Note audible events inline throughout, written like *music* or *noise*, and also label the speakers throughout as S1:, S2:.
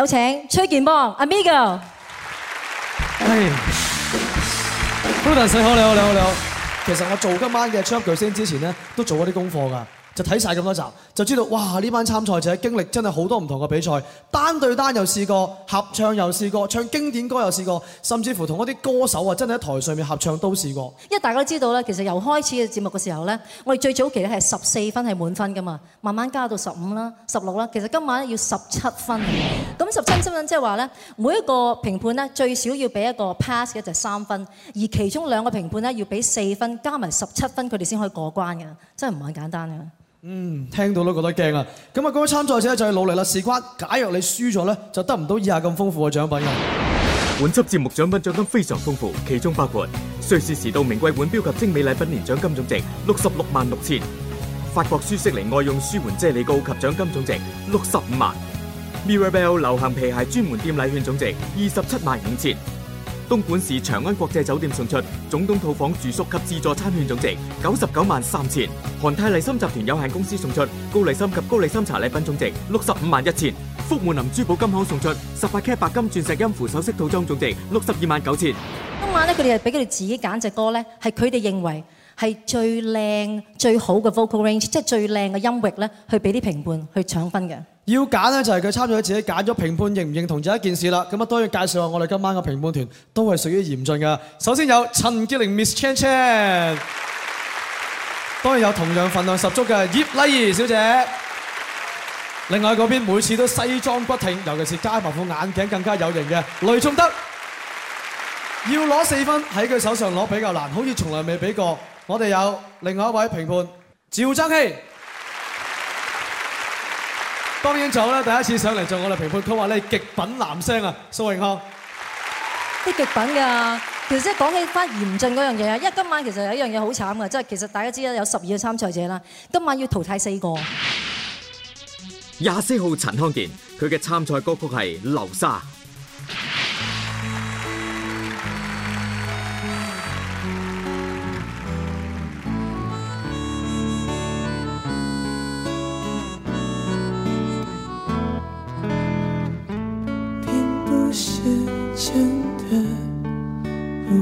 S1: 有請崔健邦 Amigo，哎，Luda sir，你好你好
S2: 你好你好，其實我做今晚嘅《出巨聲》之前呢，都做咗啲功課㗎。就睇晒咁多集，就知道哇！呢班參賽者經歷真係好多唔同嘅比賽，單對單又試過，合唱又試過，唱經典歌又試過，甚至乎同一啲歌手啊，真係喺台上面合唱都試過。
S1: 因為大家都知道咧，其實由開始嘅節目嘅時候咧，我哋最早期咧係十四分係滿分㗎嘛，慢慢加到十五啦、十六啦，其實今晚要十七分。咁十七分即係話咧，每一個評判咧最少要俾一個 pass 嘅就三分，而其中兩個評判咧要俾四分，加埋十七分佢哋先可以過關嘅，真係唔係咁簡單嘅。嗯，
S2: 聽到都覺得驚啊！咁啊，各位參賽者就係努
S3: 力啦。事關，假若你輸咗咧，就得唔到以下咁豐富嘅獎品嘅。本輯節目獎品獎金非常豐富，其中包括瑞士時度名貴腕錶及精美禮品年獎金總值六十六萬六千，法國舒適靈愛用舒緩啫喱膏及獎金總值六十五萬，Mirabelle 流行皮鞋專門店禮券總值二十七萬五千。東莞市長安國際酒店送出總統套房住宿及自助餐券總值九十九萬三千。韓泰麗參集團有限公司送出高麗參及高麗參茶禮品總值六十五萬一千。福滿林珠寶金行送出十八 K 白金鑽石音符首飾套裝總值六十二萬九千。
S1: 今晚咧，佢哋係俾佢哋自己揀隻歌咧，係佢哋認為係最靚最好嘅 vocal range，即係最靚嘅音域咧，去俾啲評判去搶分嘅。
S2: 要揀呢就係佢參與咗自己揀咗評判認唔認同呢一件事啦。咁啊，當然介紹下我哋今晚嘅評判團都係屬於嚴峻嘅。首先有陳潔靈 Miss Chan Chan，當然有同樣份量十足嘅葉麗儀小姐。另外嗰邊，每次都西裝骨挺，尤其是加埋副眼鏡更加有型嘅雷頌德，要攞四分喺佢手上攞比較難，好似從來未畀過。我哋有另外一位評判趙增熹。當然早啦！第一次上嚟做我哋評判，佢話咧極品男聲啊，蘇永康。
S1: 啲極品㗎，其實講起翻嚴峻嗰樣嘢啊！因為今晚其實有一樣嘢好慘嘅，即係其實大家知啦，有十二個參賽者啦，今晚要淘汰四個。
S3: 廿四號陳康健，佢嘅參賽歌曲係《流沙》。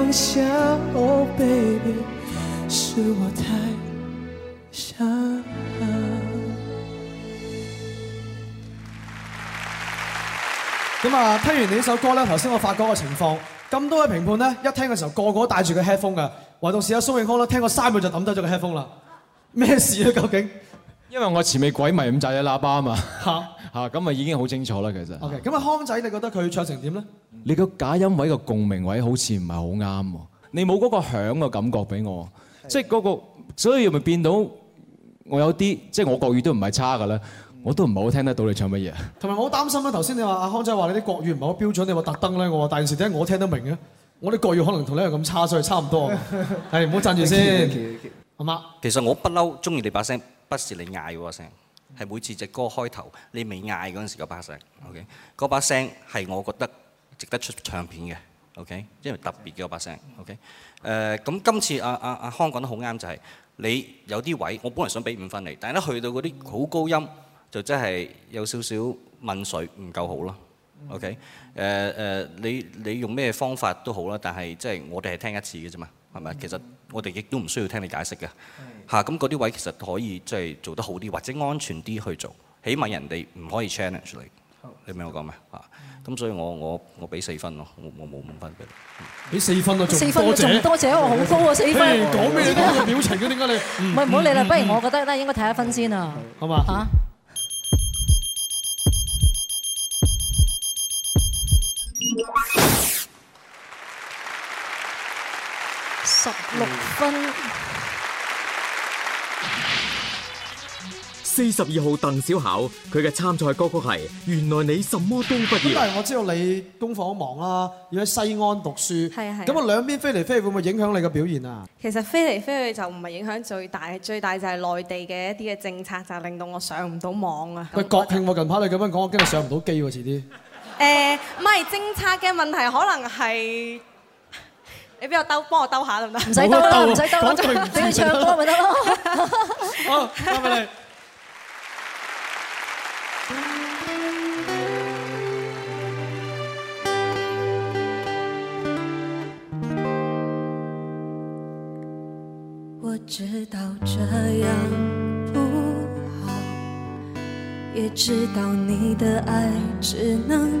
S4: 放 *music* Oh baby，是我太傻。
S2: 咁啊，聽完你呢首歌咧，頭先我發覺個情況，咁多位評判咧，一聽嘅時候個個都帶住個 headphone 噶。唯獨是阿蘇永康咧，聽過三秒就抌低咗個 headphone 啦，咩事啊？究竟？
S5: 因為我前面鬼迷咁揸一喇叭啊嘛，咁、啊、咪 *laughs* 已經好清楚啦，其實。
S2: OK，咁啊康仔，你覺得佢唱成
S5: 點咧？你個假音位，個共鳴位好似唔係好啱喎，你冇嗰個響嘅感覺俾我，即係嗰個，所以咪變到我有啲，即係我國語都唔係差㗎。咧、嗯，我都唔係好聽得到你唱乜嘢。
S2: 同埋我好擔心咧，頭先你話阿康仔話你啲國語唔係好標準，你話特登咧，我話但係有時點解我聽得明咧？我啲國語可能同你係咁差，所以差唔多。係 *laughs* 唔、哎、好讚住先，
S6: 阿媽。其實我不嬲，中意你把聲。不是你嗌嗰把聲，係每次隻歌開頭你未嗌嗰陣時嘅把聲。OK，嗰把聲係我覺得值得出唱片嘅。OK，因為特別嘅嗰把聲。OK，誒，咁今次阿阿阿康講得好啱，就係你有啲位，我本來想俾五分你，但係一去到嗰啲好高音，就真係有少少問水，唔夠好咯。OK，誒誒，你你用咩方法都好啦，但係即係我哋係聽一次嘅啫嘛。係咪？其實我哋亦都唔需要聽你解釋嘅。嚇，咁嗰啲位其實可以即係做得好啲，或者安全啲去做，起碼人哋唔可以 challenge 你。你明我講咩？嚇，咁所以我我我俾四分咯，我冇五分俾你。
S2: 俾四分四分啊！仲多謝、啊，我好高啊！四分。講咩？都係表情嘅，點 *laughs*
S1: 解你？唔唔好理啦，不如我覺得咧、嗯，應該睇一分先好啊。
S6: 好嘛？
S1: 嚇！分。
S3: 四十二號鄧小巧，佢嘅參賽歌曲係《原來你什麼都不如》。咁但係
S2: 我知道你功課好忙啦，要喺西安讀書。係啊係。咁啊兩邊飛嚟飛去會唔會影響你嘅表現啊？其
S7: 實飛嚟飛去就唔係影響最大，最大就係內地嘅一啲嘅政策就是、令到我上
S2: 唔到網啊。喂，國慶喎，近排你咁樣講，我驚你上唔到機喎、啊，遲啲。誒、
S7: 欸，唔係政策嘅問題，可能係。你、哎、幫我兜，幫我兜
S4: 下得唔得？唔使兜，唔使兜，俾佢唱歌咪得咯。好，我知道這樣不好，也知道你的愛只能。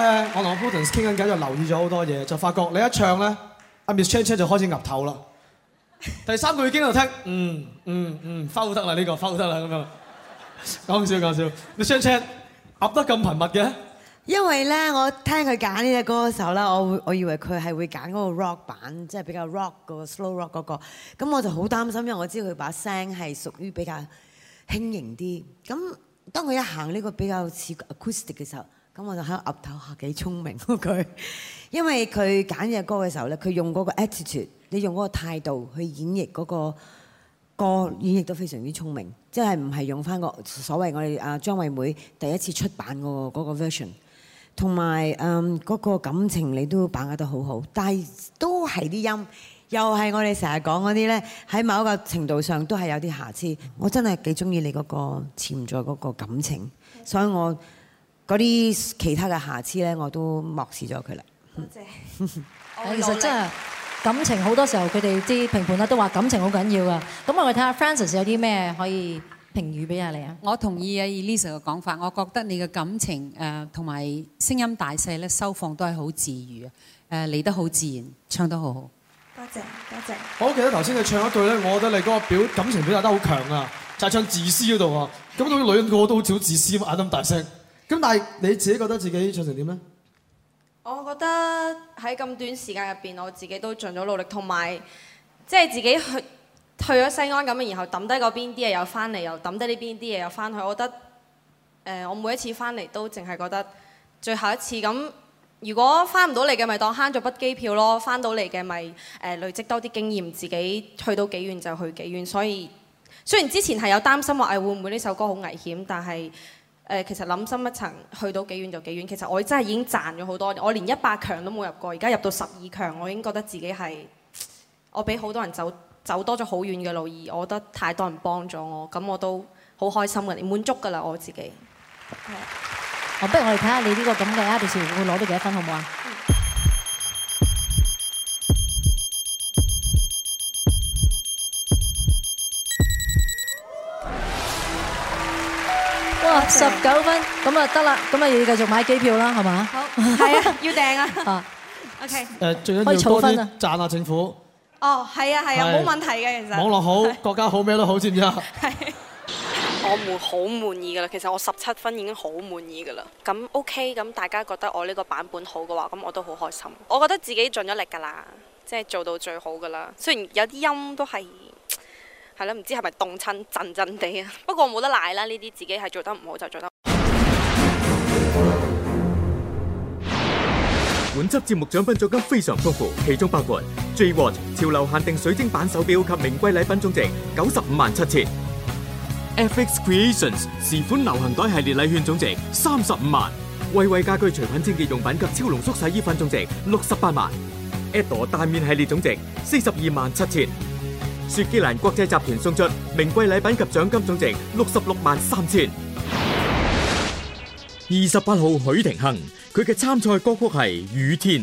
S2: 我同 Putin 傾緊偈就留意咗好多嘢，就發覺你一唱咧，阿 *music* Miss Chancha 就開始岌頭啦。第三句已經喺度聽，嗯嗯嗯，收得啦呢個，收得啦咁樣。講笑講笑，你 Chancha 岌得咁頻密嘅？因為咧，
S8: 我聽佢揀呢隻歌嘅時候咧，我我以為佢係會揀嗰個 rock 版，即係比較 rock 嗰個 slow rock 嗰個。咁我就好擔心，因為我知佢把聲係屬於比較輕盈啲。咁當佢一行呢個比較似 acoustic 嘅時候。咁我就喺度岌頭下幾聰明佢，因為佢揀隻歌嘅時候咧，佢用嗰個 attitude，你用嗰個態度去演繹嗰、嗰個歌，嗰個、演繹都非常之聰明，即係唔係用返個所謂我哋阿張惠妹第一次出版嗰個 version，同埋嗯嗰個感情你都把握得好好，但係都係啲音，又係我哋成日講嗰啲咧，喺某一個程度上都係有啲瑕疵。我真係幾鍾意你嗰個潛在嗰個感情，所以我。嗰啲其他嘅瑕疵咧，我都漠視咗佢啦。
S1: 多謝。其實真係感情好多時候，佢哋啲評判咧都話感情好緊要啊。咁我哋睇下 Francis 有啲咩
S9: 可以評語俾下你啊？我同意啊，Lisa 嘅講法。我覺得你嘅感情誒同埋聲音大細咧收放都係好自如，啊。誒嚟得好自然，唱得好好。多謝多謝，謝，
S2: 謝。好，記得頭先你唱一句咧，我覺得你嗰個表感情表達得好強啊。就再、是、唱自私嗰度啊。咁對於女歌我都好似好自私，眼咁大聲。咁但係你自己覺得自己唱成點
S7: 呢？我覺得喺咁短時間入邊，我自己都盡咗努力，同埋即係自己去去咗西安咁，然後抌低嗰邊啲嘢，又翻嚟，又抌低呢邊啲嘢，又翻去。我覺得誒、呃，我每一次翻嚟都淨係覺得最後一次。咁如果翻唔到嚟嘅，咪當慳咗筆機票咯；翻到嚟嘅，咪誒累積多啲經驗，自己去到幾遠就去幾遠。所以雖然之前係有擔心話誒、哎、會唔會呢首歌好危險，但係。誒，其實諗深一層，去到幾遠就幾遠。其實我真係已經賺咗好多，我連一百強都冇入過，而家入到十二強，我已經覺得自己係我比好多人走走多咗好遠嘅路，而我覺得太多人幫咗我，咁我都好開心嘅，滿足㗎啦我自己。
S1: 好，不如我哋睇下你呢個咁嘅 Adidas 會攞到幾多分好唔好啊？十九分咁啊得啦，咁啊要繼續買機票啦，係嘛？
S7: 好，係啊，要訂啊 *laughs*
S2: 啊。OK 誒，最緊分、啊，多啲賺啊政府。
S7: 哦，係啊，係啊，冇、啊、問題嘅其實。網絡好，
S2: 啊、國家好，咩、啊、都好，知唔知啊？係。啊
S7: 啊、 *laughs* 我哋好滿意㗎啦，其實我十七分已經好滿意㗎啦。咁 OK，咁大家覺得我呢個版本好嘅話，咁我都好開心。我覺得自己盡咗力㗎啦，即、就、係、是、做到最好㗎啦。雖然有啲音都係。係啦，唔知係咪凍親震震地啊？不過冇得賴啦，呢啲自己係做得唔好就做得。
S3: 本輯節目獎品獎金非常豐富，其中包括 J Watch 潮流限定水晶版手錶及名貴禮品總值九十五萬七千；FX Creations 時款流行袋系列禮券總值三十五萬；惠惠家居除菌清潔用品及超濃縮洗衣粉總值六十八萬；Edo 大麵系列總值四十二萬七千。雪肌蘭國際集團送出名貴禮品及獎金總值六十六萬三千。二十八號許廷鏗，佢嘅參賽歌曲係《雨天》。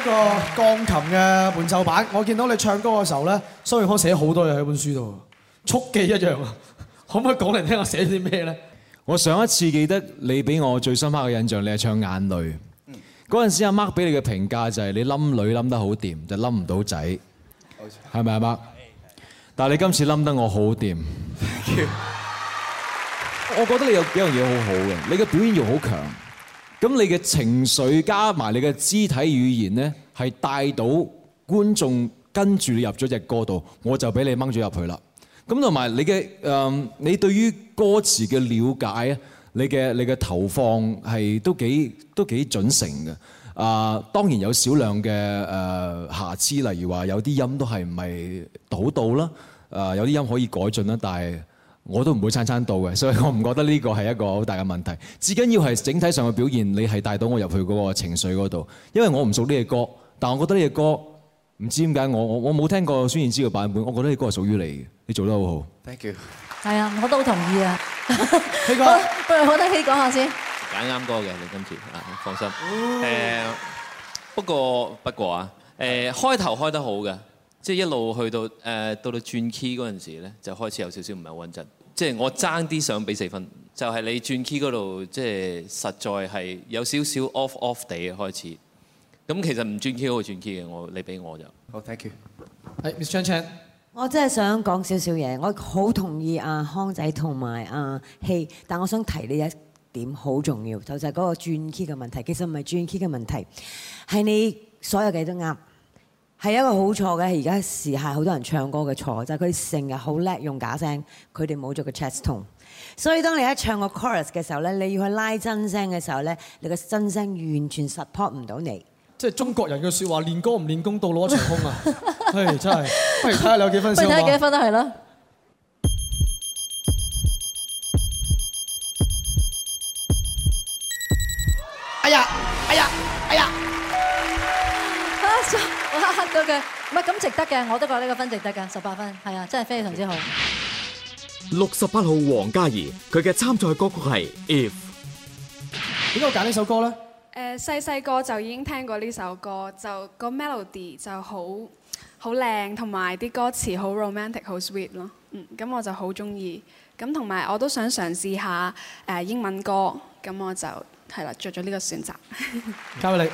S2: 一個鋼琴嘅伴奏版，我見到你唱歌嘅時候咧，蘇永康寫好多嘢喺本書度，速記一樣啊！可唔可以講嚟聽下寫啲咩咧？
S5: 我上一次記得你俾我最深刻嘅印象，你係唱《眼淚》。嗯。嗰陣時阿 Mark 俾你嘅評價就係、是、你冧女冧得好掂，就冧、是、唔到仔。冇錯。係咪阿 Mark？係。但係你今次冧得我好掂。Thank you。我覺得你有幾樣嘢好好嘅，你嘅表演欲好強。咁你嘅情緒加埋你嘅肢體語言咧，係帶到觀眾跟住你入咗隻歌度，我就俾你掹咗入去啦。咁同埋你嘅誒，你對於歌詞嘅了解，你嘅你嘅投放係都幾都幾準成嘅。啊，當然有少量嘅、呃、瑕疵，例如話有啲音都係唔係倒到啦。誒，有啲音可以改進啦，但係。我都唔會餐餐到嘅，所以我唔覺得呢個係一個好大嘅問題。至緊要係整體上嘅表現，你係帶到我入去嗰個情緒嗰度。因為我唔熟呢隻歌，但我覺得呢隻歌唔知點解我我我冇聽過孫燕姿嘅版本，我覺得呢歌係屬於你嘅，你做得好好。
S10: Thank you。
S1: 係啊，我都好同意啊。希哥，不如我得起講下先。
S11: 揀啱歌嘅，你今次啊，放心。誒，不過不過啊，誒開頭開得好嘅，即係一路去到誒到到轉 key 嗰陣時咧，就開始有少少唔係穩陣。即係我爭啲想俾四分，就係、是、你轉 key 嗰度，即係實在係有少少 off off 地嘅開始。咁其實唔轉 key 都好轉 key 嘅，我你俾我就。好，thank you。
S8: 係，Miss Chan Chan，我真係想講少少嘢，我好同意阿康仔同埋阿希，但我想提你一點好重要，就就係嗰個轉 key 嘅問題。其實唔係轉 key 嘅問題，係你所有嘅都啱。係一個好錯嘅。而家時下好多人唱歌嘅錯就係佢成日好叻用假聲，佢哋冇咗個 chest tone。所以當你一唱個 chorus 嘅時候咧，你要去拉真聲嘅時候咧，
S2: 你個真聲完全 support 唔到你。即係中國人嘅説話，練歌唔練功，到攞一場空啊！唉， *laughs* 真係，不如睇下你有幾分先啦。不如睇下幾
S1: 分都係啦。就是唔係咁值得嘅，我都覺得呢個分值得㗎，十八分，係啊，真係非常之好。
S3: 六十八號黃嘉怡，佢嘅參賽歌曲係《If》。點解我揀呢首歌
S2: 咧？
S7: 誒，細細個就已經聽過呢首歌，就個 melody 就好好靚，同埋啲歌詞好 romantic、好 sweet 咯。嗯，咁我就好中意。咁同埋我都想嘗試下誒英文歌，咁我就係啦，着咗呢個選擇。
S2: 交俾你。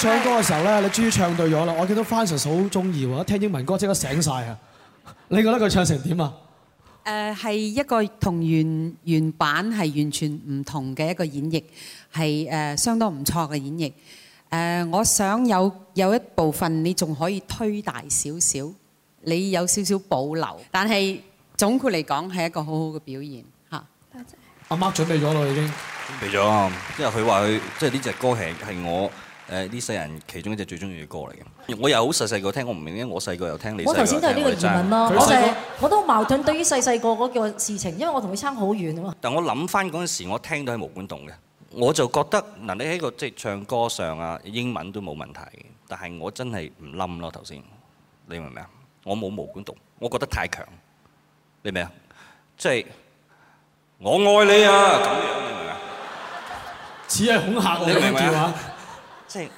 S2: 唱歌嘅時候咧，你終於唱對咗啦！我見到 Fancy 好中意喎，一聽英文歌即刻醒晒啊！你覺得佢唱成點啊？
S9: 誒，係一個同原原版係完全唔同嘅一個演繹，係誒相當唔錯嘅演繹。誒，我想有有一部分你仲可以推大少少，你有少少保留，但係總括嚟講係一個好好嘅表現嚇。多謝
S2: 阿媽準備咗咯，已經
S6: 準備咗啊！因為佢話佢即係呢隻歌係係我，誒啲世人其中一隻最中意嘅歌嚟嘅，我又好細細個聽，我唔明因解我細個又聽你細個。我頭先都係呢個疑問咯，我就是、
S1: 我都矛盾對於細細個嗰個事情，因為我同佢差好遠啊嘛。
S6: 但我諗翻嗰陣時，我聽到係無管動嘅，我就覺得嗱，你喺個即係唱歌上啊英文都冇問題，但係我真係唔冧咯頭先，你明唔明啊？我冇無管動，我覺得太強，你明唔明啊？即、就、係、是、我愛你啊咁、哎、樣，你明唔明啊？似係恐嚇我嘅電話。你明即係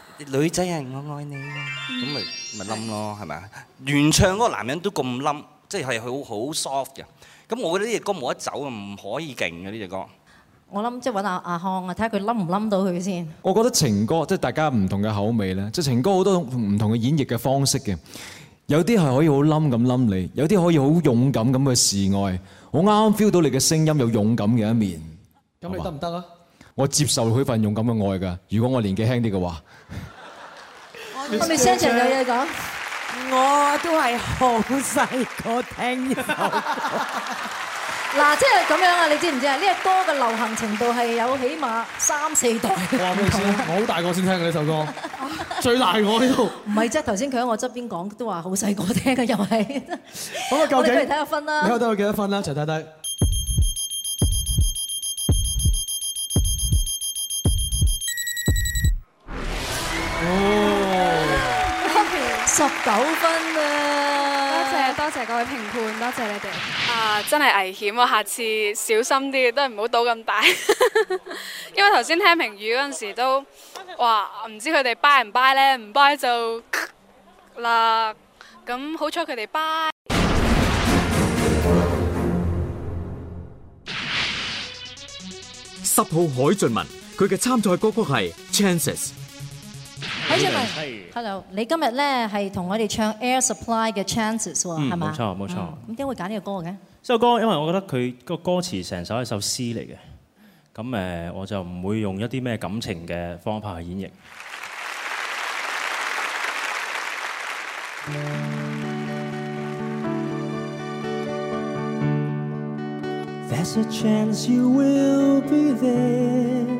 S6: 女仔係我愛你，咁咪咪冧咯，係咪啊？原唱嗰個男人都咁冧，即係係好好 soft 嘅。咁我覺得呢隻歌冇得走，唔可以勁嘅呢隻歌。
S1: 我諗即係揾阿阿康啊，睇下佢冧唔冧到佢先。
S5: 我覺得情歌即係大家唔同嘅口味咧，即係情歌好多唔同嘅演繹嘅方式嘅。有啲係可以好冧咁冧你，有啲可以好勇敢咁去示愛。我啱啱 feel 到你嘅聲音有勇敢嘅一面。
S2: 咁你得唔得啊？
S5: 我接受佢份勇敢嘅愛㗎。如果我年紀輕啲嘅話
S1: 我，我未聲場有嘢講，我都係好細個聽。嗱，即係咁樣啊！你知唔知啊？呢、呢個歌嘅流行程度係有起碼三四代。話俾你知，
S2: 我好大個先聽嘅呢首歌，最大我呢度，唔係
S1: 啫，頭先佢喺我側邊講，都話好細個聽嘅又係。咁啊，究竟嚟睇下分啦，你覺
S2: 得佢幾多分啦？一齊睇睇。
S7: 十九分啊！多謝多謝各位評判，多謝你哋啊！真係危險啊，下次小心啲，都係唔好賭咁大。 *laughs* 因為頭先聽評語嗰陣時都話唔知佢哋拜唔拜咧，唔拜就啦。咁好彩佢哋拜。
S3: 十號海俊文，佢嘅參賽歌曲係 Chances。
S1: 好，謝謝你。Hello，你今日咧係同我哋唱 Air Supply 嘅 Chances 喎，係嘛？嗯，冇錯冇錯。咁點解會揀呢個歌嘅？呢
S11: 首歌因為我覺得佢個歌詞成首係首詩嚟嘅，咁誒我就唔會用一啲咩感情嘅方法去演繹。
S4: There's a chance you will be there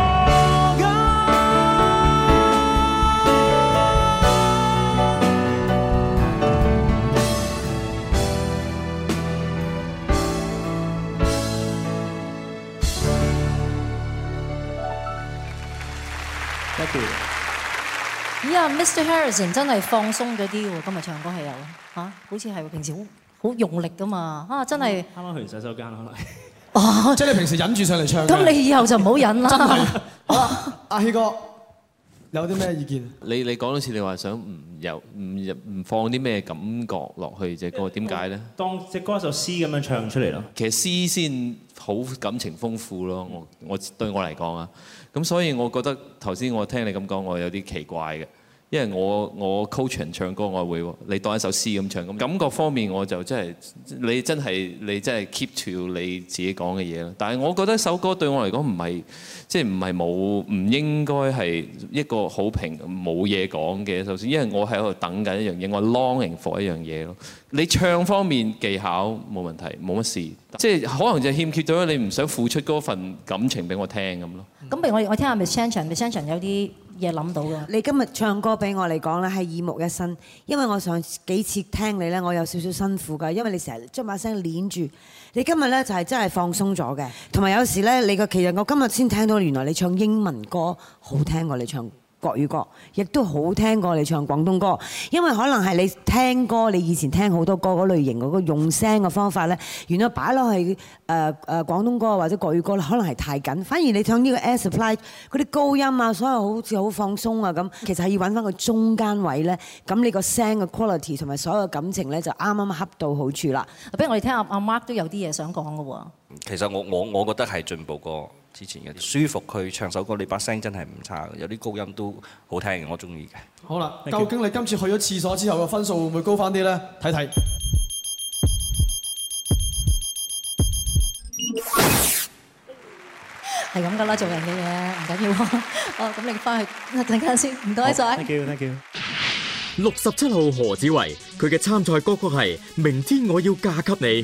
S1: 咦啊、 *music* yeah，Mr. Harrison 真係放鬆咗啲喎，今日唱歌係有嚇，好似係平時好好用力㗎嘛，啊真係。啱啱
S11: 去完洗手間可能。哦， *laughs* *laughs*
S2: 即係你平時忍住上嚟唱。
S1: 咁 *laughs* 你以後就唔 *laughs* 真的 *laughs* 好忍啦。阿希哥。
S11: 有啲咩意見？你你講多次，你話想唔有唔入唔放啲咩感覺落去隻歌？點解呢？當隻歌就首詩咁樣唱出嚟咯。其實詩先好感情豐富咯。我我對我嚟講啊，咁所以我覺得頭先我聽你咁講，我有啲奇怪嘅。因為我我 coach 唱歌我會你當一首詩咁唱，咁感覺方面我就真係你真係你真係 keep to 你自己講嘅嘢咯。但係我覺得首歌對我嚟講唔係即係唔係冇唔應該係一個好評，冇嘢講嘅首先，因為我喺度等緊一樣嘢，我 longing for 一樣嘢咯。你唱方面技巧冇問題，冇乜事，即係可能就欠缺咗你唔想付出嗰份感情俾我聽咁咯。
S1: 咁、嗯、譬如我我聽下 Miss Chan，Miss Chan 有
S8: 啲。嘢諗到咯！你今日唱歌俾我嚟講呢，係耳目一新，因為我上幾次聽你呢，我有少少辛苦㗎，因為你成日將把聲捏住。你今日咧就係真係放鬆咗嘅，同埋有時咧，你個其實我今日先聽到，原來你唱英文歌好聽過你唱。國語歌亦都好聽過你唱廣東歌，因為可能係你聽歌，你以前聽好多歌嗰類型嗰、那個用聲嘅方法呢，原來擺落去誒誒、呃呃、廣東歌或者國語歌可能係太緊，反而你唱呢個《Air Supply》嗰啲高音啊，所有好似好放鬆啊咁，其實係要揾翻個中間位呢，咁你個聲嘅 quality 同埋
S1: 所有嘅感情呢，就啱啱恰到好處啦。不如我哋聽下阿、啊啊、Mark 都有啲嘢想講嘅喎。
S6: 其實我我我覺得係進步過之前嘅舒服，佢唱首歌，你把聲真係唔差，有啲高音都好聽，我中意嘅。
S2: 好啦，究竟你今次去咗廁所之後嘅分數會唔會高翻啲呢？睇睇。
S1: 係咁噶啦，做人嘅嘢唔緊要。好，咁你翻去啊，陣間先，唔該曬。
S3: 多謝多謝。六十七號何子維，佢嘅參賽歌曲係《明天我要嫁給你》。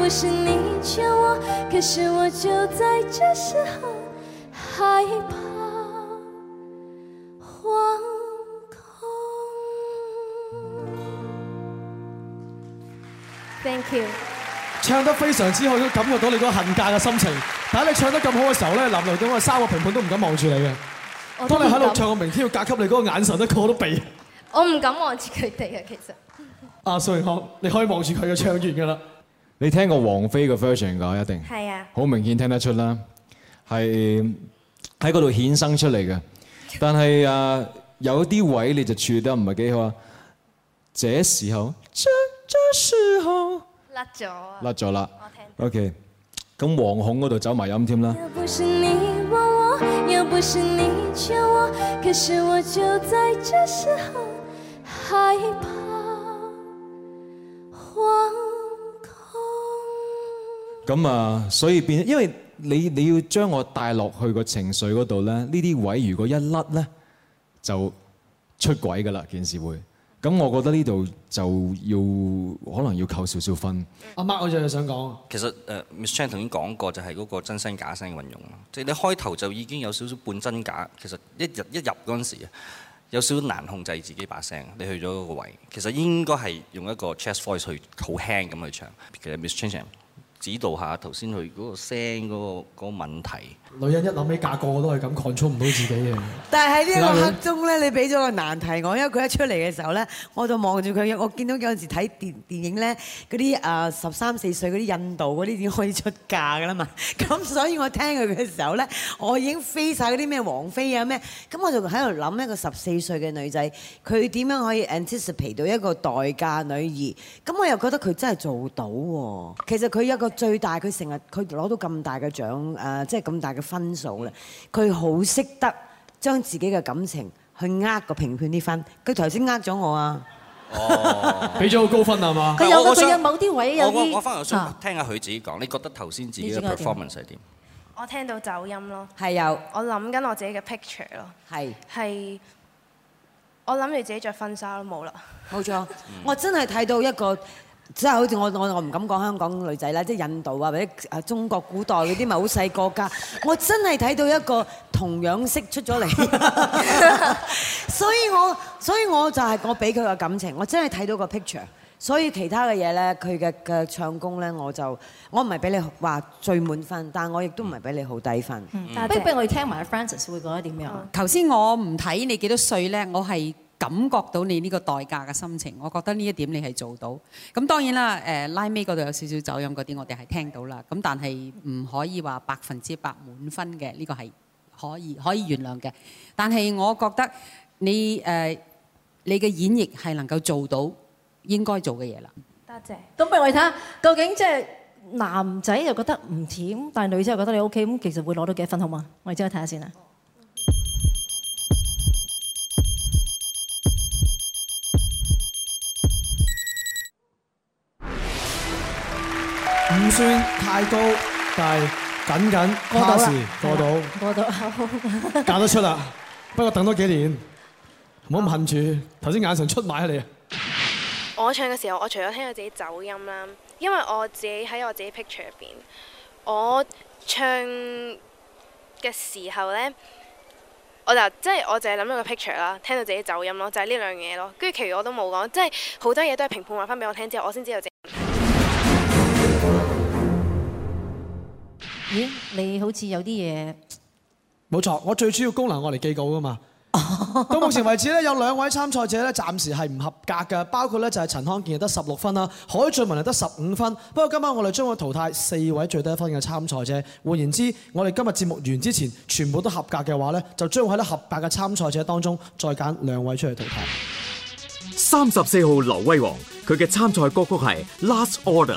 S4: 不是你勸我，可是我就在這時候害怕惶恐。
S2: Thank you，唱得非常之好，都感覺到你嗰個恨嫁嘅心情。但係你唱得咁好嘅時候咧，連埋我三個評判都唔敢望住你嘅。當你喺度唱《明天要嫁給你》嗰個眼神，我都過到鼻。
S7: 我唔敢望住佢哋嘅。其實。
S2: 阿蘇永康，你可以望住佢嘅唱完噶啦。你聽過王菲嘅 version 㗎？一定，
S5: 係啊，好明顯聽得出啦，係喺嗰度衍生出嚟嘅。但係啊，有啲位你就處理得唔係幾好啊。這時候，
S4: 這這時候，甩咗啊，甩
S5: 咗啦。OK，咁黃孔嗰度走埋音
S4: 添啦。
S5: 咁啊，所以變，因為你你要將我帶落去個情緒嗰度咧，呢啲位如果一甩咧，就出軌噶啦，件事會咁。我覺得呢度就要可能要扣少少分，
S6: 啊。阿 Mark，我就係想講，其實誒，Miss Chan 同你講過就係嗰個真聲假聲嘅運用啦，即係你開頭就已經有少少半真假。其實一入一入嗰陣時啊，有少少難控制自己把聲。你去咗嗰個位，其實應該係用一個 chest voice 去好輕咁去唱。其實 Miss Chan。指導下頭先佢嗰個聲嗰個嗰個問題。
S2: 女人一諗起嫁個，我都係咁控制唔到自己嘅。但係喺呢個黑
S8: 中咧，你俾咗個難題我，因為佢一出嚟嘅時候咧，我就望住佢，我見到有陣時睇電電影咧，嗰啲誒十三四歲嗰啲印度嗰啲已經可以出嫁噶啦嘛。咁所以我聽佢嘅時候咧，我已經飛晒嗰啲咩王妃啊咩，咁我就喺度諗一個十四歲嘅女仔，佢點樣可以 anticipate 到一個待嫁女兒？咁我又覺得佢真係做到喎。其實佢一個最大，佢成日佢攞到咁大嘅獎誒，即係咁大嘅。分數啦，佢好識得將自己嘅感情去呃個評判啲分。佢頭先呃咗我啊、
S1: 哦，俾
S6: 咗好高分係嘛？佢有佢有
S1: 某啲位有啲。我我翻
S6: 嚟想聽下佢自己講、啊，你覺得頭先自己嘅 performance 係點？
S7: 我聽到走音咯，係有。我諗緊我自己嘅 picture 咯，係係我諗住自己着婚紗都冇啦。
S6: 冇錯，錯 *laughs* 我
S8: 真係睇到一個。即係好似我我我唔敢講香港女仔啦，即係印度啊，或者誒中國古代嗰啲咪好細國家，我真係睇到一個同樣式出咗嚟，所以我所以我就係我俾佢個感情，我真係睇到個 picture，所以其他嘅嘢咧，佢嘅嘅唱功咧，我就我唔係俾你話最滿分，但係我亦都唔係俾你好低分，不如不
S1: 如，我要聽埋 Francis 會覺得點樣？
S9: 頭先我唔睇你幾多歲咧，我係。感覺到你呢個代價嘅心情，我覺得呢一點你係做到。咁當然啦，誒、呃、拉尾嗰度有少少走音嗰啲，我哋係聽到啦。咁但係唔可以話百分之百滿分嘅，呢、這個係可以可以原諒嘅。但係我覺得你誒、呃、你嘅演繹係能夠做到應該做嘅嘢啦。
S7: 多謝，謝。
S9: 咁不如我哋睇下究竟即係男仔又覺得唔
S1: 掂，但係女仔又覺得你 OK，咁其實會攞到幾多分好嗎？我哋即刻睇下先啦。
S2: 高，但係僅僅 pass 時過到
S1: 過到，
S2: 揀得 *laughs* 出啦。不過等多幾年，唔好咁恨住。頭先眼神出賣啊你
S7: 啊！我唱嘅時候，我除咗聽到自己走音啦，因為我自己喺我自己 picture 入邊，我唱嘅時候咧，我就即係、就是、我淨係諗咗個 picture 啦，聽到自己走音咯，就係、是、呢兩嘢咯。跟住其實我、就是、都冇講，即係好多嘢都
S1: 係評判話翻俾我聽之後，我先知道自己。咦，你好似有啲嘢
S2: 冇錯，我最主要功能我嚟記稿噶嘛。到 *laughs* 目前為止咧，有兩位參賽者咧，暫時係唔合格嘅，包括咧就係陳康健，得十六分啦，海俊文係得十五分。不過今晚我哋將會淘汰四位最低分嘅參賽者。換言之，我哋今日節目完之前，全部都合格嘅話咧，就將會喺咧合格嘅參賽者當中，再揀兩位出嚟淘汰。
S3: 三十四號劉威王，佢嘅參賽歌曲係《Last Order》。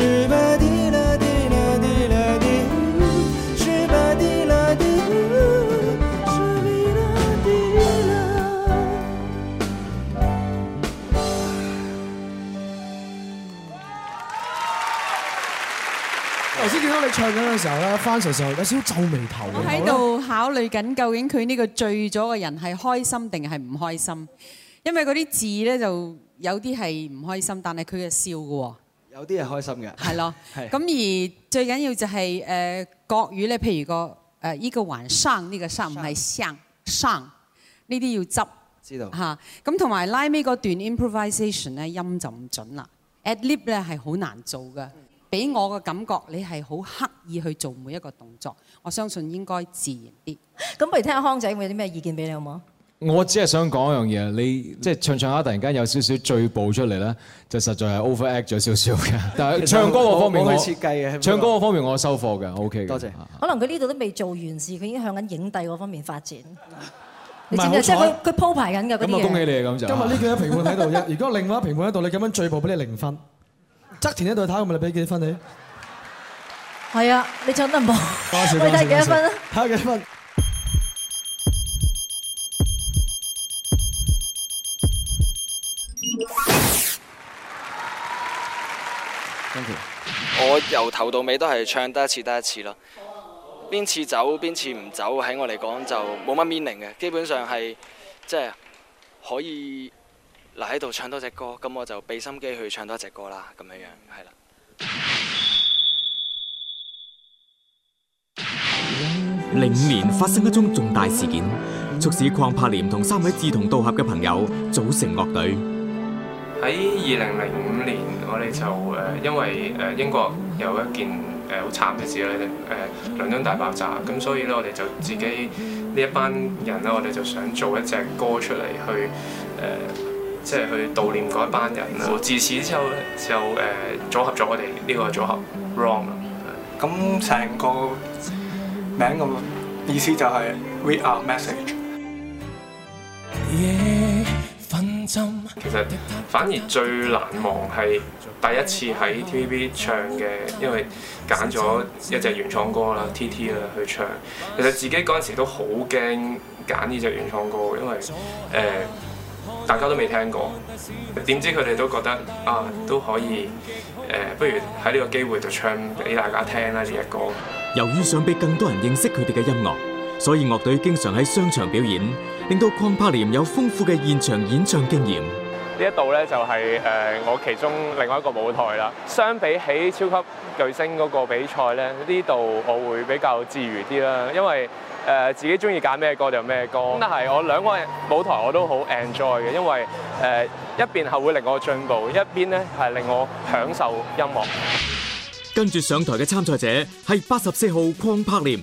S4: 十
S2: 頭先見到你唱緊嘅時候咧，翻成時有少皺眉頭。我喺度
S9: 考慮緊，究竟佢呢個醉咗嘅人係開心定係唔開心？因為嗰啲字咧就有啲係唔開心，但係佢係笑㗎。有啲係開心嘅，係咯。咁而最緊要就係、是、誒、呃、國語咧，譬如個誒依個環生」、「呢個生」、「唔係生，生」，呢啲要執。知道嚇。咁同埋拉尾嗰段 improvisation 咧，音就唔準啦。Ad lib 咧係好難做嘅，俾我嘅感覺你係好刻意去做每一個動作。我相信應該自然啲。咁不如聽下康仔會有啲咩意見俾你好唔好？
S5: 我只係想講一樣嘢，你即係唱唱下突然間有少少醉步出嚟咧，就實在係 over act 咗少少嘅。但係唱歌嗰方面我，嘅。唱歌嗰方，方面我收貨嘅，OK 多謝，謝、
S1: 啊。可能佢呢度都未做完事，佢已經向緊影帝嗰方面發展。不你知唔知？即係佢佢鋪排緊嘅。咁啊，恭喜你，
S5: 咁今日呢
S2: 幾個喺評判喺度啫。如果另外一評判喺度，你咁樣醉步俾你零分。側田喺度睇我咪俾幾分你？
S1: 係啊，你唱得唔好。我睇幾多分，分，分？睇下幾多分？
S5: 我由頭到尾都係唱得一次得一次咯，邊次走邊次唔走喺我嚟講就冇乜 meaning 嘅，基本上係即係可以留喺度唱多隻歌，咁我就畀心機去唱多隻歌啦，咁樣樣係啦。
S3: 零五年發生一宗重大事件，促使鄺柏廉同三位志同道合嘅朋友組成樂隊。
S10: 喺二零零五年，我哋就誒因為誒英國有一件誒好慘嘅事咧，誒倫敦大爆炸，咁所以咧我哋就自己呢一班人咧，我哋就想做一隻歌出嚟去誒，即、呃、係、就是、去悼念嗰一班人啦。自此之後咧，就誒、呃、組合咗我哋呢、呢個組合，Wrong。咁成個名嘅意思就係 We Are Message、
S4: yeah.。
S10: 其實反而最難忘係第一次喺 TVB 唱嘅，因為揀咗一隻原創歌啦，TT 啦去唱。其實自己嗰陣時都好驚揀呢隻原創歌，因為誒、呃、大家都未聽過。點知佢哋都覺得啊都可以誒、呃，不如喺呢個機會就唱俾大家聽啦呢隻歌。
S3: 由於想俾更多人認識佢哋嘅音樂，所以樂隊經常喺商場表演。令到鄺柏廉有豐富嘅現場演唱經驗。
S10: 呢一度咧，就係誒，我其中另外一個舞台啦。相比起超級巨星嗰個比賽咧，呢度我會比較自如啲啦。因為誒自己中意揀咩歌就咩歌。咁但係我兩個舞台我都好 enjoy 嘅，因為誒一邊係會令我進步，一邊咧係令我享受音樂。
S3: 跟住上台嘅參賽者係八十四號鄺柏廉。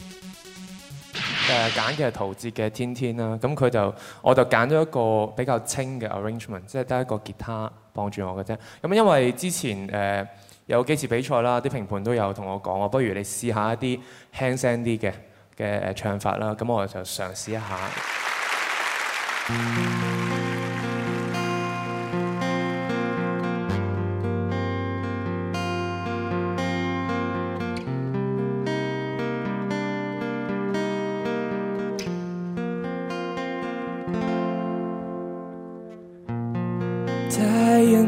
S10: 誒揀嘅係陶喆嘅《天天》啦，咁佢就我就揀咗一個比較清嘅 arrangement，即係得一個吉他幫住我嘅啫。咁因為之前誒、呃、有幾次比賽啦，啲評判都有同我講話，不如你試下一啲輕聲啲嘅嘅唱法啦。咁我就嘗試一下。 *music*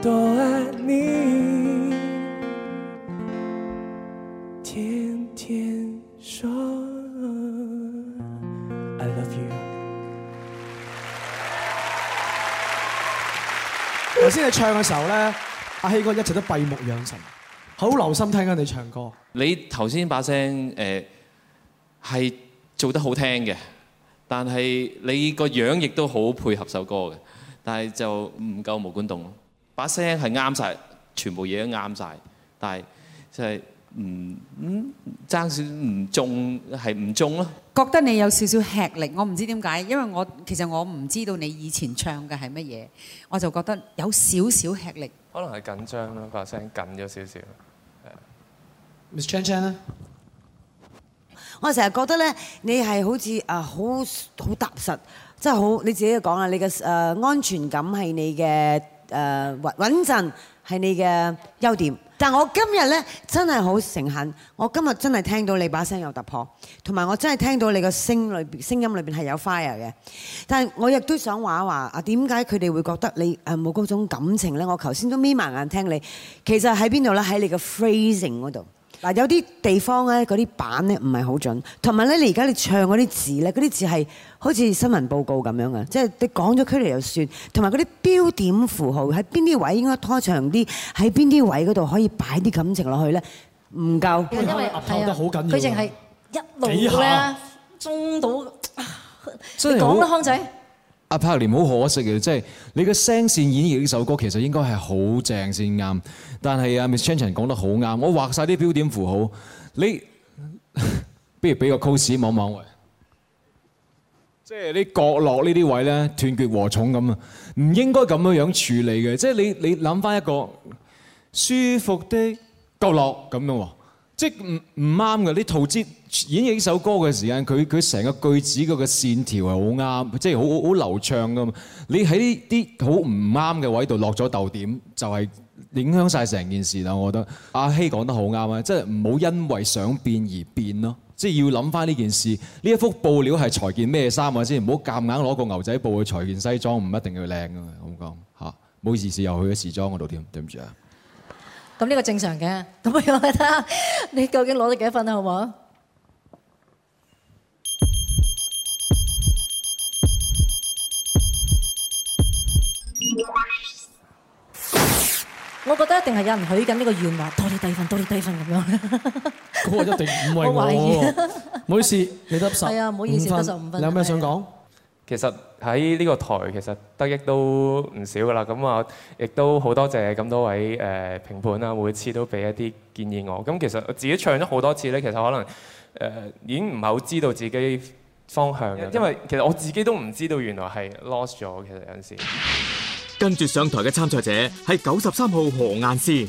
S4: 多愛你，天天說 I love you。
S2: 頭先你唱嘅時候咧，阿希哥一直都閉目養神，好留心聽緊你唱歌，你剛
S11: 才，你頭先把聲誒係做得好聽嘅，但係你個樣亦都好配合首歌嘅，但係就唔夠毛管動。把聲係啱曬，全部嘢都啱曬，但係就係唔爭少少唔中，係唔中咯。
S9: 覺得你有少少吃力，我唔知點解，因為我其實我唔知道你以前唱嘅係乜嘢，我就覺得有少少吃力。
S10: 可能係緊張囉，把聲緊咗少少。
S9: Miss Chan Chan 咧，
S8: 我成日覺得咧，你係好似啊好好踏實，即係好你自己講啊，你嘅誒安全感係你嘅。誒、呃、穩穩陣係你嘅優點，但我今日呢真係好誠懇，我今日真係聽到你把聲有突破，同埋我真係聽到你個聲裏邊聲音裏邊係有 fire 嘅，但係我亦都想話一話啊，點解佢哋會覺得你係冇嗰種感情呢？我頭先都眯埋眼聽你，其實喺邊度呢？喺你個 phrasing 嗰度。嗱，有啲地方咧，嗰啲版咧唔係好準，同埋咧你而家你唱嗰啲字咧，嗰啲字係好似新聞報告咁樣嘅，即係你講咗佢嚟就算，同埋嗰啲標點符號喺邊啲位應該拖長啲，喺邊啲位嗰度可以擺啲感情落去咧，唔夠
S1: 因。因為我覺得好緊要的。佢淨係一路咧，中到。
S5: 所以你講啦，康仔。阿帕尼好可惜嘅，即係你嘅聲線演繹呢首歌，其實應該係好正先啱。但係啊，Miss Chan Chan 講得好啱，我畫晒啲標點符號，你不如俾個 cos 望望喎。即係啲角落呢啲位咧，斷絕和蟲咁啊，唔應該咁樣樣處理嘅。即係你你諗翻一個舒服的角落咁樣喎。即係唔唔啱嘅，你陶喆演繹呢首歌嘅時間，佢佢成個句子嗰個線條係好啱，即係好好流暢㗎嘛。你喺啲啲好唔啱嘅位度落咗逗點，就係、是、影響曬成件事啦。我覺得阿希講得好啱啊，即係唔好因為想變而變咯。即係要諗翻呢件事，呢一幅布料係裁件咩衫啊先，唔好夾硬攞個牛仔布去裁件西裝，唔一定要靚嘅。咁講吓，唔好意思，又去咗時裝嗰度添，對唔住啊！
S1: 咁呢個正常嘅，咁樣啦。你究竟攞咗幾多分啊？好唔好？我覺得一定係有人許緊呢個願話，多你幾分，多你幾分咁樣。嗰
S2: 個一定唔係我懷疑。唔好意思，你得十。係啊，唔好意思，得十五分。你有咩想講？
S10: 其實喺呢個台其實得益都唔少噶啦，咁啊亦都好多謝咁多位誒評判啦，每次都俾一啲建議我。咁其實我自己唱咗好多次呢，其實可能誒已經唔係好知道自己方向嘅，因為其實我自己都唔知道原來係 lost 咗其實有陣時。
S3: 跟住上台嘅參賽者係九十三號何雁詩。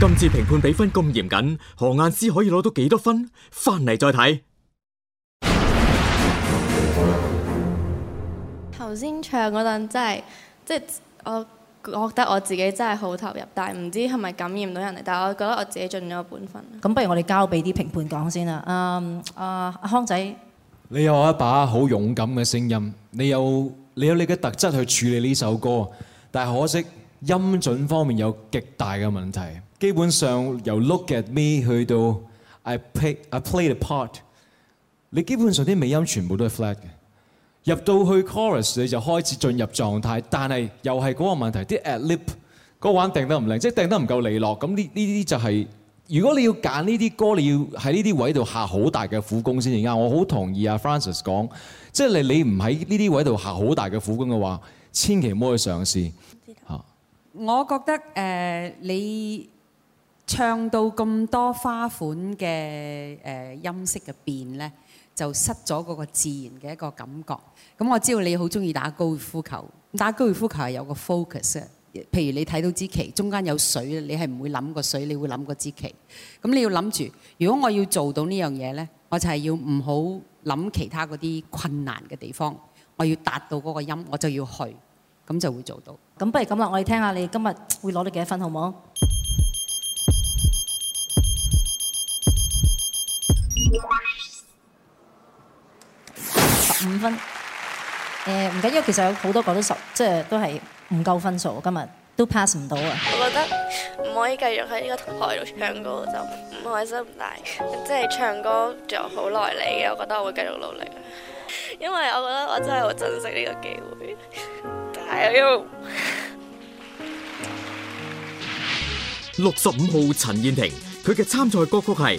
S3: 今次評判比分咁嚴謹，何雁詩可以攞到幾多分？翻嚟再睇
S7: 頭先唱嗰陣，真係即係我覺得我自己真係好投入，但係唔知係咪感染到人哋。但係我覺得我自己盡
S1: 咗本分。咁不如我哋交俾啲評判講先啦。嗯啊，阿康仔，
S5: 你有一把好勇敢嘅聲音，你有你有你嘅特質去處理呢首歌，但係可惜音準方面有極大嘅問題。基本上由 Look at me 去到 I pick I play the part，你基本上啲尾音全部都係 flat 嘅。入到去 chorus 你就開始進入狀態，但係又係嗰個問題，啲、嗰個、at lip、嗰個玩定得唔靚，即係定得唔夠利落。咁呢呢啲就係、是，如果你要揀呢啲歌，你要喺呢啲位度下好大嘅苦功先至啱。我好同意阿 Francis 講，即係你你唔喺呢啲位度下好大嘅苦功嘅話，千祈唔好去嘗試。嚇。
S9: 我覺得誒、呃、你。唱到咁多花款嘅誒、呃、音色嘅變呢，就失咗嗰個自然嘅一個感覺。咁我知道你好中意打高爾夫球，打高爾夫球係有個 focus。譬如你睇到一支旗，中間有水，你係唔會諗個水，你會諗個支旗。咁你要諗住，如果我要做到呢樣嘢呢，我就係要唔好諗其他嗰啲困難嘅地方。我要達到嗰個音，我就要去，咁就會做到。
S1: 咁不如咁啦，我哋聽下你，你今日會攞到幾多分好唔好？十五分，誒，唔緊要，其實有好多個都十，即係都係唔夠分數，今日都 pass 唔到
S7: 啊！我覺得唔可以繼續喺呢個台度唱歌，就唔開心。但係即係唱歌仲有好耐嚟嘅。我覺得我會繼續努力，因為我覺得我真係好珍惜呢個機會。係啊，因
S3: 六十五號陳燕婷，佢嘅參賽歌曲係。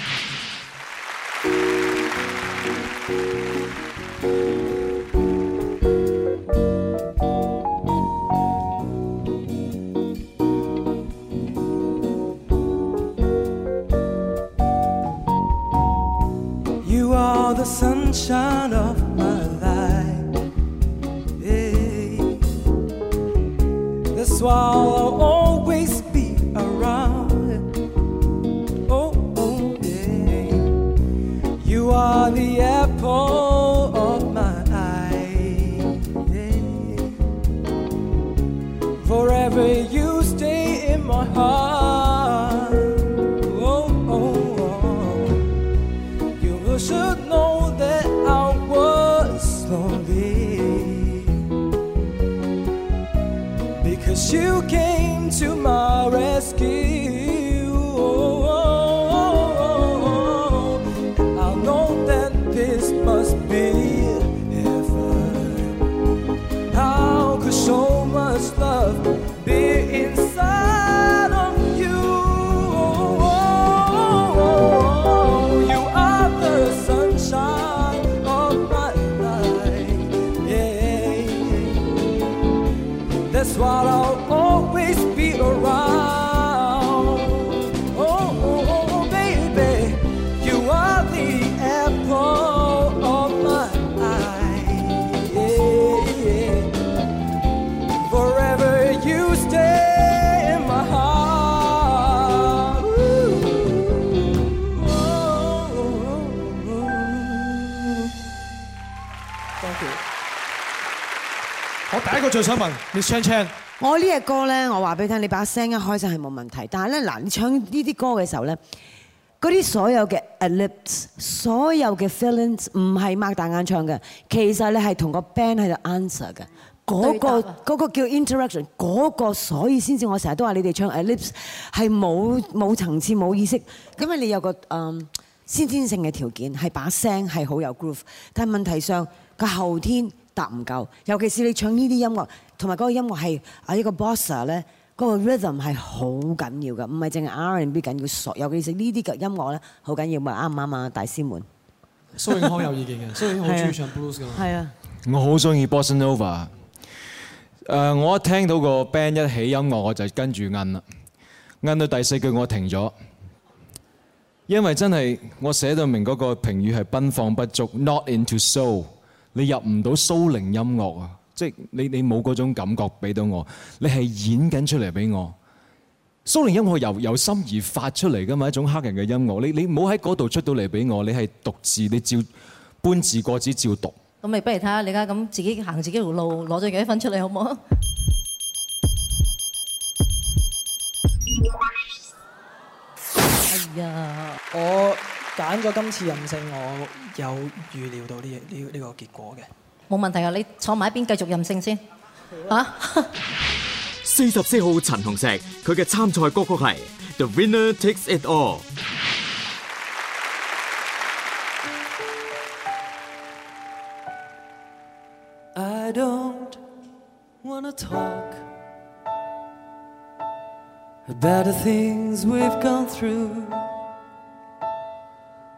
S2: 我第一個最想問，Chan Chan 你，你，問你唱唱
S8: 我呢隻歌呢，我話俾你聽，你把聲一開始係冇問題，但係呢，嗱，你唱呢啲歌嘅時候呢，嗰啲所有嘅 elips，所有嘅 feelings 唔係擘大眼唱嘅，其實你係同個 band 喺度 answer 嘅，嗰、嗰個嗰個叫 interaction，嗰、嗰個所以先至我成日都話你哋唱 elips 係冇冇層次冇意識，咁啊你有個先天性嘅條件係把聲係好有 groove，但係問題上個後天。答唔夠，尤其是你唱呢啲音樂，同埋嗰個音樂係啊一個 Bossa 咧，嗰個 rhythm 係好緊要嘅，唔係淨係 R and B 緊要。所有嘅意思呢啲嘅音樂咧，好緊要，唔係啱唔啱啊，大師們。
S2: 蘇永康有意見嘅，蘇永康好中意唱 blues 噶嘛？係
S5: 啊，我好中意 Bossanova。誒，我一聽到個 band 一起音樂，我就跟住韌啦，韌到第四句我停咗，因為真係我寫到明嗰個評語係奔放不足，not into soul。你入唔到蘇寧音樂啊！即係你你冇嗰種感覺俾到我，你係演緊出嚟俾我。蘇寧音樂由音樂由心而發出嚟噶嘛，一種黑人嘅音樂，你你冇喺嗰度出到嚟俾我，你係讀字，你照搬字過紙照讀。
S1: 咁你不如睇下你家咁自己行自己條路，攞咗幾多分出嚟好唔好？哎
S2: 呀我！我揀咗今次任性我。有預料到呢嘢呢呢個結果嘅，
S1: 冇問題啊！你坐埋一邊繼續任性先，
S3: 嚇！四十四號陳紅石，佢嘅參賽歌曲係《The Winner Takes It All》。
S4: I don't want to talk about the things we've gone through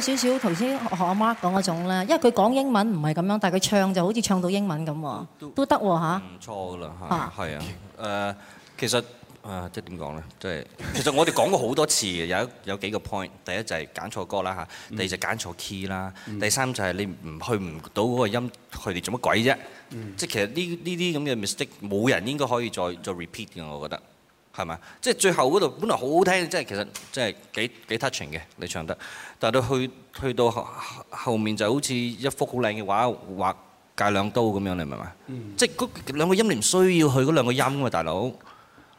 S1: 少少頭先學阿媽講嗰種咧，因為佢講英文唔係咁樣，但係佢唱就好似唱到英文咁喎，都得喎嚇。
S6: 唔錯啦嚇，係啊，誒、呃，其實誒、呃，即係點講咧，即係其實我哋講過好多次，有有幾個 point，第一就係揀錯歌啦嚇，第二就揀錯 key 啦，第三就係你唔去唔到嗰個音，佢哋做乜鬼啫？嗯、即係其實呢呢啲咁嘅 mistake，冇人應該可以再再 repeat 嘅，我覺得。係咪？即、就、係、是、最後嗰度本來好好聽，即係其實即係幾幾 touching 嘅你唱得，但係到去去到後，後面就好似一幅好靚嘅畫畫戒兩刀咁樣，你明唔明？即係嗰兩個音你唔需要去嗰兩個音㗎，大佬，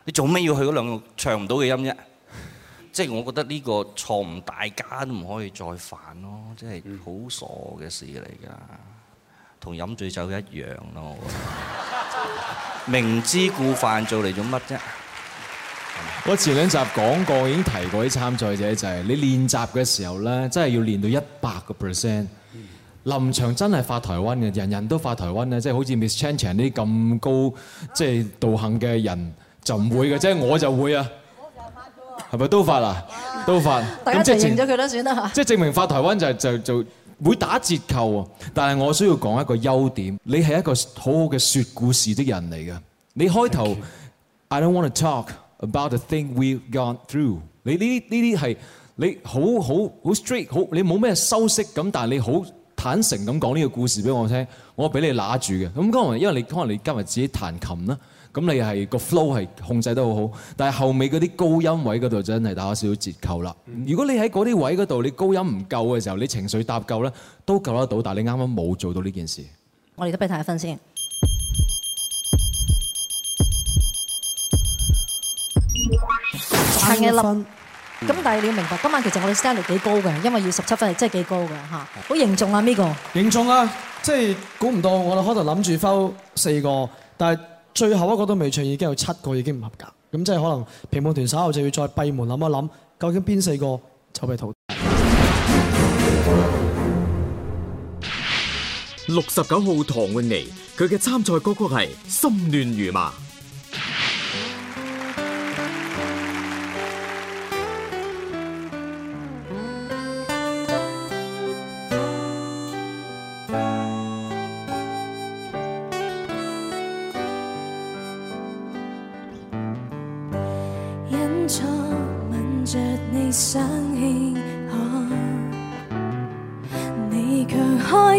S6: 你做咩要去嗰兩個唱唔到嘅音啫？即 *laughs* 係我覺得呢、呢個錯誤大家都唔可以再犯咯，即係好傻嘅事嚟㗎，同飲醉酒一樣咯，我覺得明知故犯做嚟做乜啫？我前兩集講過，已經提過啲參賽者就係、是、
S5: 你練習嘅時候咧，真係要練到一百個 percent。臨場真係發台灣嘅，人人都發台灣咧，即係好似 Miss Chang 啲咁高，即係道行嘅人就唔會嘅，即係、啊、我就會啊，係、啊、咪都發啊？都發。大家就認咗
S1: 佢都算啦，
S5: 即係證明發台灣就就就會打折扣啊。但係我需要講一個優點，你係一個好好嘅說故事的人嚟嘅。你開頭 I don't want to talk。About the thing we've gone through，你呢啲呢啲係你好好好 straight，好你冇咩修飾咁，但係你好坦誠咁講呢個故事俾我聽，我俾你揦住嘅。咁可能，因為你可能你今日自己彈琴啦，咁你係個 flow 係控制得好好，但係後尾嗰啲高音位嗰度真係打咗少少折扣啦。如果你喺嗰啲位嗰度你高音唔夠嘅時候，你情緒搭夠咧都夠得到，但係你啱啱冇做到呢件事。
S1: 我哋都俾睇分先。三咁但係你要明白，今晚其實我哋 standard 幾高嘅，因為要十七分係真係幾高嘅吓，好凝重啊呢個。凝重啊，
S2: 即係估唔到，我哋可能諗住拋四個，但係最後一個都未唱，已經有七個已經唔合格，咁即係可能評判團稍後就要再閉門諗一諗，究竟邊四個就被淘汰。
S3: 六十九號唐詠妮，佢嘅參賽歌曲係《心亂如麻》。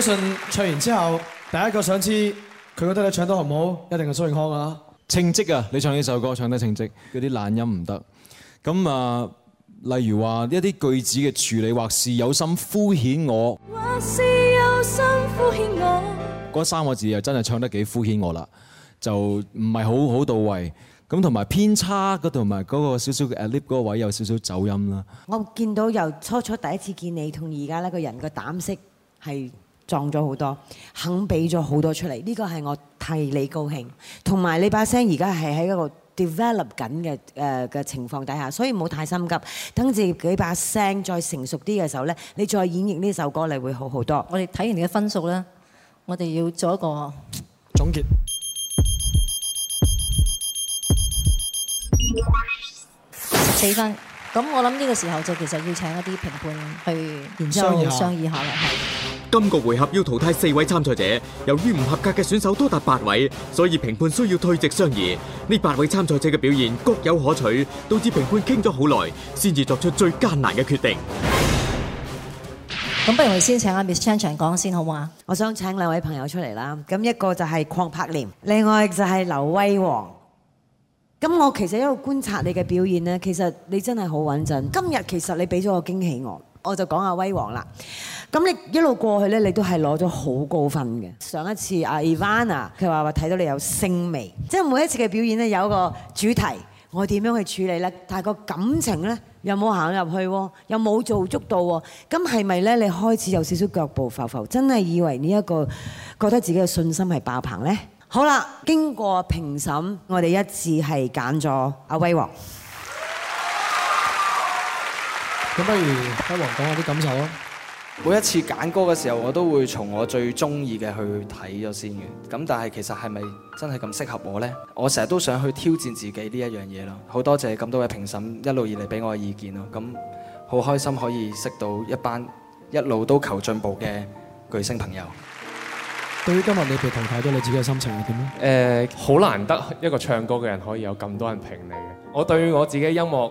S2: 相信唱完之後，第一個想知佢覺得你唱得好唔好，一定係蘇永康啊！稱職啊，你唱呢首歌唱得稱職，嗰啲懶
S5: 音唔得。咁啊，例如話一啲句子嘅處理，或是有心敷衍我，
S4: 或是有心敷衍我，
S5: 嗰三個字又真係唱得幾敷衍我啦，就唔係好好到位。咁同埋偏差嗰度，同埋嗰個少少嘅 a lip 嗰個位有少少走音啦。
S8: 我見到由初初第一次見你，同而家呢個人個膽色係。壯咗好多，肯俾咗好多出嚟，呢個係我替你高興。同埋你把聲而家係喺一個 develop 緊嘅誒嘅情況底下，所以唔好太心急。等自己把聲再成熟啲嘅時候呢，你再
S1: 演繹呢首歌，你會好好多。我哋睇完你嘅分數啦，我哋要做一個總結四分。咁我諗呢個時候就其實要請一啲評判去，然之後商議下啦。
S3: 今個回合要淘汰四位參賽者，由於唔合格嘅選手多達八位，所以評判需要退席商議。呢八位參賽者嘅表現各有可取，導致評判傾咗好耐，先至作出最艱難嘅決定。
S1: 咁不如我先請阿 Miss Chan 講 Chan 先好唔好啊？我想請兩位朋友出嚟啦。咁一個就係
S8: 鄺柏廉，另外就係劉威煌。咁我其實一路觀察你嘅表現呢，其實你真係好穩陣。今日其實你俾咗個驚喜我。我就講阿威王啦。咁你一路過去呢，你都係攞咗好高分嘅。上一次阿 Ivana 佢話話睇到你有聲味，即係每一次嘅表演呢有一個主題，我點樣去處理呢？但係個感情呢，又冇行入去，又冇做足到，咁係咪呢？你開始有少少腳步浮浮？真係以為呢一個覺得自己嘅信心係爆棚呢？好啦，經過評審，我哋一致係揀咗阿威王。
S2: 咁不如阿王講下啲感受啦。每一次揀歌嘅時候，我都會從我最中意嘅去睇咗先嘅。咁但
S5: 係其實係咪真係咁適合我呢？我成日都想去挑戰自己呢一樣嘢啦。好多謝咁多位評審一路以嚟俾我嘅意見咯。咁好開心可以識到一班一路都求進步嘅巨星朋友。
S2: 對於今日你被淘汰咗，你自己嘅心情係點呢？
S10: 誒、呃，好難得一個唱歌嘅人可以有咁多人評你嘅。我對於我自己的音樂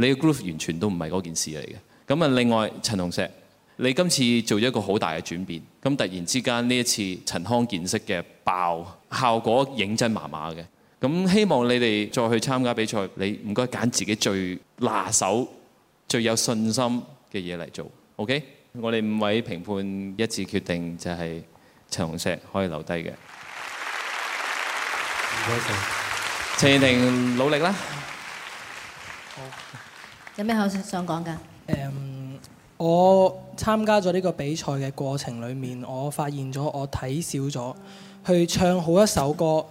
S11: 你嘅 groove 完全都唔係嗰件事嚟嘅。咁啊，另外陳紅石，你今次做咗一個好大嘅轉變，咁突然之間呢一次陳康見識嘅爆效果認真麻麻嘅，咁希望你哋再去參加比賽，你唔該揀自己最拿手、最有信心嘅嘢嚟做，OK？我哋五位評判一致決定就係陳紅石可以留低嘅。唔該曬，陳婷努力啦！
S1: 有咩好想講㗎？誒、嗯，我參加咗呢個比賽嘅
S2: 過程裏面，我發現咗我睇少咗去唱好一首歌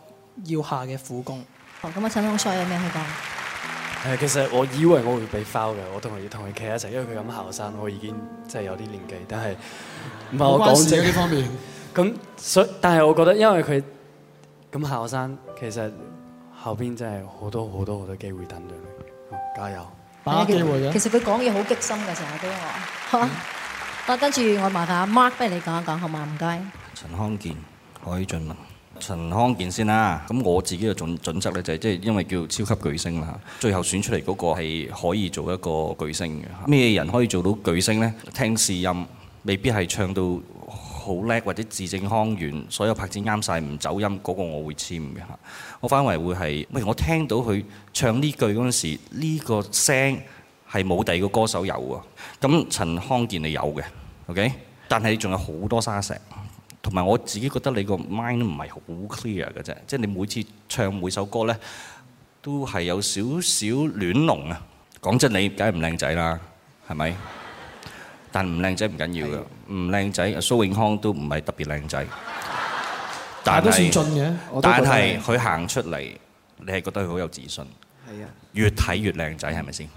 S1: 要下嘅苦功。好，咁阿陳龍帥有咩可以
S2: 講？其實我以為我
S10: 會被 fire 嘅，我同佢同佢企一齊，因為佢咁後生，我已經真係有啲年紀。但係唔係我講正呢方面。咁所，但係我覺得，因為佢咁後生，其實後邊真係好多好多好多機會等住佢。加油！
S6: 有機會其實佢
S1: 講嘢好激心嘅，成日都，嚇。啊、嗯，跟住我麻煩 Mark，不如你講一講，好嘛？唔該。
S6: 陳康健、海俊文、陳康健先啦。咁我自己嘅準準則咧、就係，就係即係因為叫超級巨星啦。最後選出嚟嗰個係可以做一個巨星嘅。咩人可以做到巨星咧？聽試音，未必係唱到。好叻或者字正腔圓，所有拍子啱曬，唔走音，嗰個我會簽嘅嚇。我反為會係，喂，我聽到佢唱呢句嗰陣時，呢個聲係冇第二個歌手有㗎。咁陳康健係有嘅，OK。但係仲有好多沙石，同埋我自己覺得你個 mind 唔係好 clear 嘅啫。即係你每次唱每首歌咧，都係有少少亂龍啊。講真，你梗係唔靚仔啦，係咪？但唔靚仔唔緊要㗎。唔靚仔，蘇永康都唔係特別靚仔，但係都算俊嘅，但係佢行出嚟，你係覺得佢好有自信。係啊，越睇越靚仔，係咪先？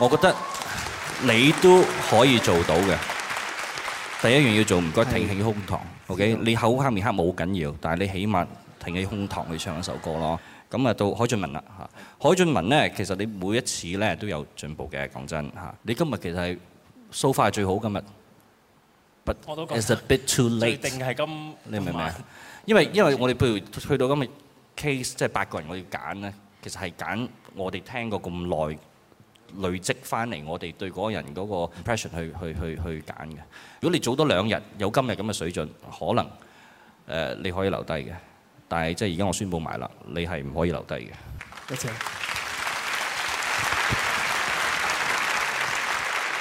S6: 我覺得你都可以做到嘅。第一樣要做，唔該挺起胸膛。OK，你口黑面黑冇緊要，但係你起碼挺起胸膛去唱一首歌咯。咁啊，到海俊文啦。海俊文咧，其實你每一次咧都有進步嘅。講真吓，你今日其實係。so far 最好今日，but it's a bit too late。你明唔明啊？因為, *laughs* 因為因為我哋譬如去到今日 case，即係八個人我要揀咧，其實係揀我哋聽過咁耐累積翻嚟，我哋對嗰個人嗰個 impression 去去去去揀嘅。如果你早多兩日有今日咁嘅水準，可能誒、呃、你可以留低嘅。但係即係而家我宣布埋啦，你係唔可以留低
S2: 嘅。多謝。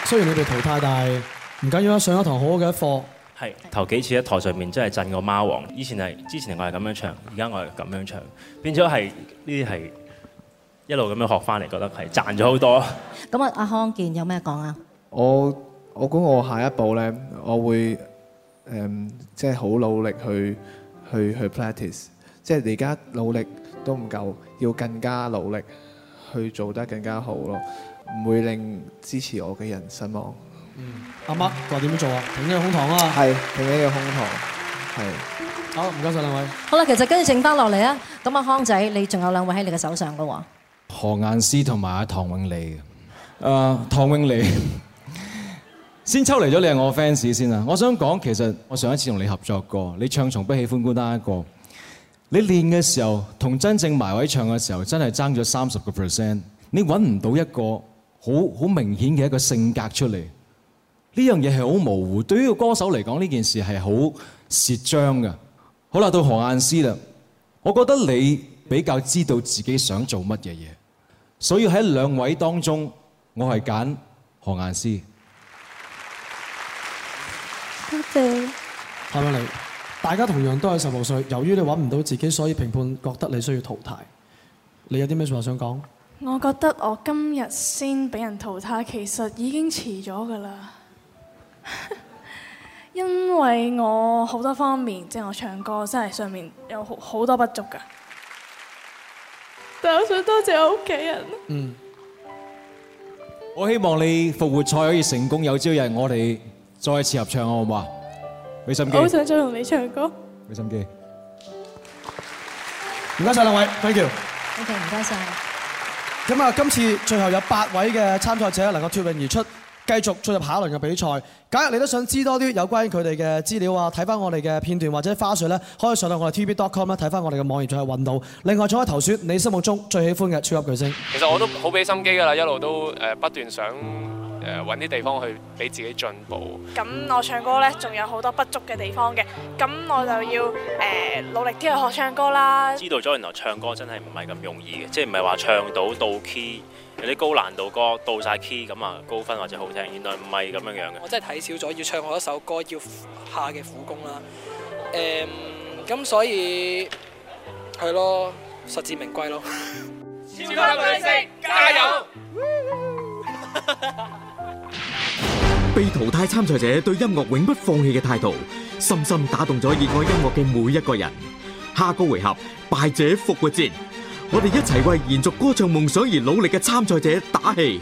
S2: 雖然你哋淘汰，但係唔緊要啦，上一堂好好嘅一課。
S11: 係頭幾次喺台上面真係震過貓王，以前係之前我係咁樣唱，而家我係咁樣唱，變咗係呢啲係一路咁樣學翻嚟，覺得係賺咗好多。
S1: 咁啊，阿康健有咩講啊？
S2: 我我估我下一步咧，
S10: 我會誒即係好努力去去去 practice，即係而家努力都唔夠，要更加努力去做得更加好咯。唔會令支持我嘅人失望。嗯，
S2: 阿、嗯、媽話點
S10: 樣做啊？
S5: 挺起個胸膛啦。係，挺起個胸膛。係。好，唔該晒
S2: 兩位。
S1: 好啦，其實跟住剩翻落嚟啊。咁阿康仔，你仲有兩位喺你嘅手上噶喎。
S5: 何雁詩同埋阿唐永莉。誒、呃，唐永莉，先抽嚟咗，你係我 fans 先啊。我想講，其實我上一次同你合作過，你唱從不喜歡孤單一個。你練嘅時候同真正埋位唱嘅時候，真係爭咗三十個 percent。你揾唔到一個。好好明顯嘅一個性格出嚟，呢樣嘢係好模糊。對於個歌手嚟講，呢件事係好蝕章㗎。好啦，到何雁詩啦，我覺得你比較知道自己想做乜嘢嘢，所以喺兩位當中，我係揀何雁詩。多謝。
S2: 派翻嚟，大家同樣都係十六歲。由於你揾唔到自己，所以評判覺得你需要淘汰。你有啲咩說話想講？
S7: 我覺得我今日先俾人淘汰，其實已經遲咗噶啦，因為我好多方面，即係我唱歌真係上面有好多不足噶。但係我想多謝我屋企人。嗯。
S5: 我希望你復活賽可以成功，有朝一日我哋再一次合唱，好唔好啊？俾心機。好想
S1: 再同你唱歌。
S5: 俾心機。
S2: 唔該晒，兩位，thank you。
S1: O K，唔該晒！
S2: 咁啊！今次最後有八位嘅參賽者能夠脫穎而出。繼續進入下一輪嘅比賽。假如你都想知多啲有關於佢哋嘅資料啊，睇翻我哋嘅片段或者花絮咧，可以上到我哋 TV dot com 咧睇翻我哋嘅網頁再去搵到。另外，仲可以投選你心目中最喜歡嘅超級巨星。
S10: 其實我都好俾心機㗎啦，一路都誒不斷想誒揾啲地方去俾自己進步。
S7: 咁我唱歌咧，仲有好多不足嘅地方嘅，咁我就要誒、呃、努力啲去學唱歌
S2: 啦。知
S11: 道咗原來唱歌真係唔係咁容易嘅，即係唔係話唱到到 key。有啲高難度歌，到晒 key 咁啊，高分或者好聽，原來唔係咁樣樣嘅。我
S2: 真係睇少咗，要唱好一首歌要下嘅苦功啦。誒，咁所以
S11: 係咯，實至名歸咯。超級巨星，加油！
S3: 被淘汰參賽者對音樂永不放棄嘅態度，深深打動咗熱愛音樂嘅每一個人。下個回合，敗者復活戰。我哋一齊為延續歌唱夢想而努力嘅參賽者打氣。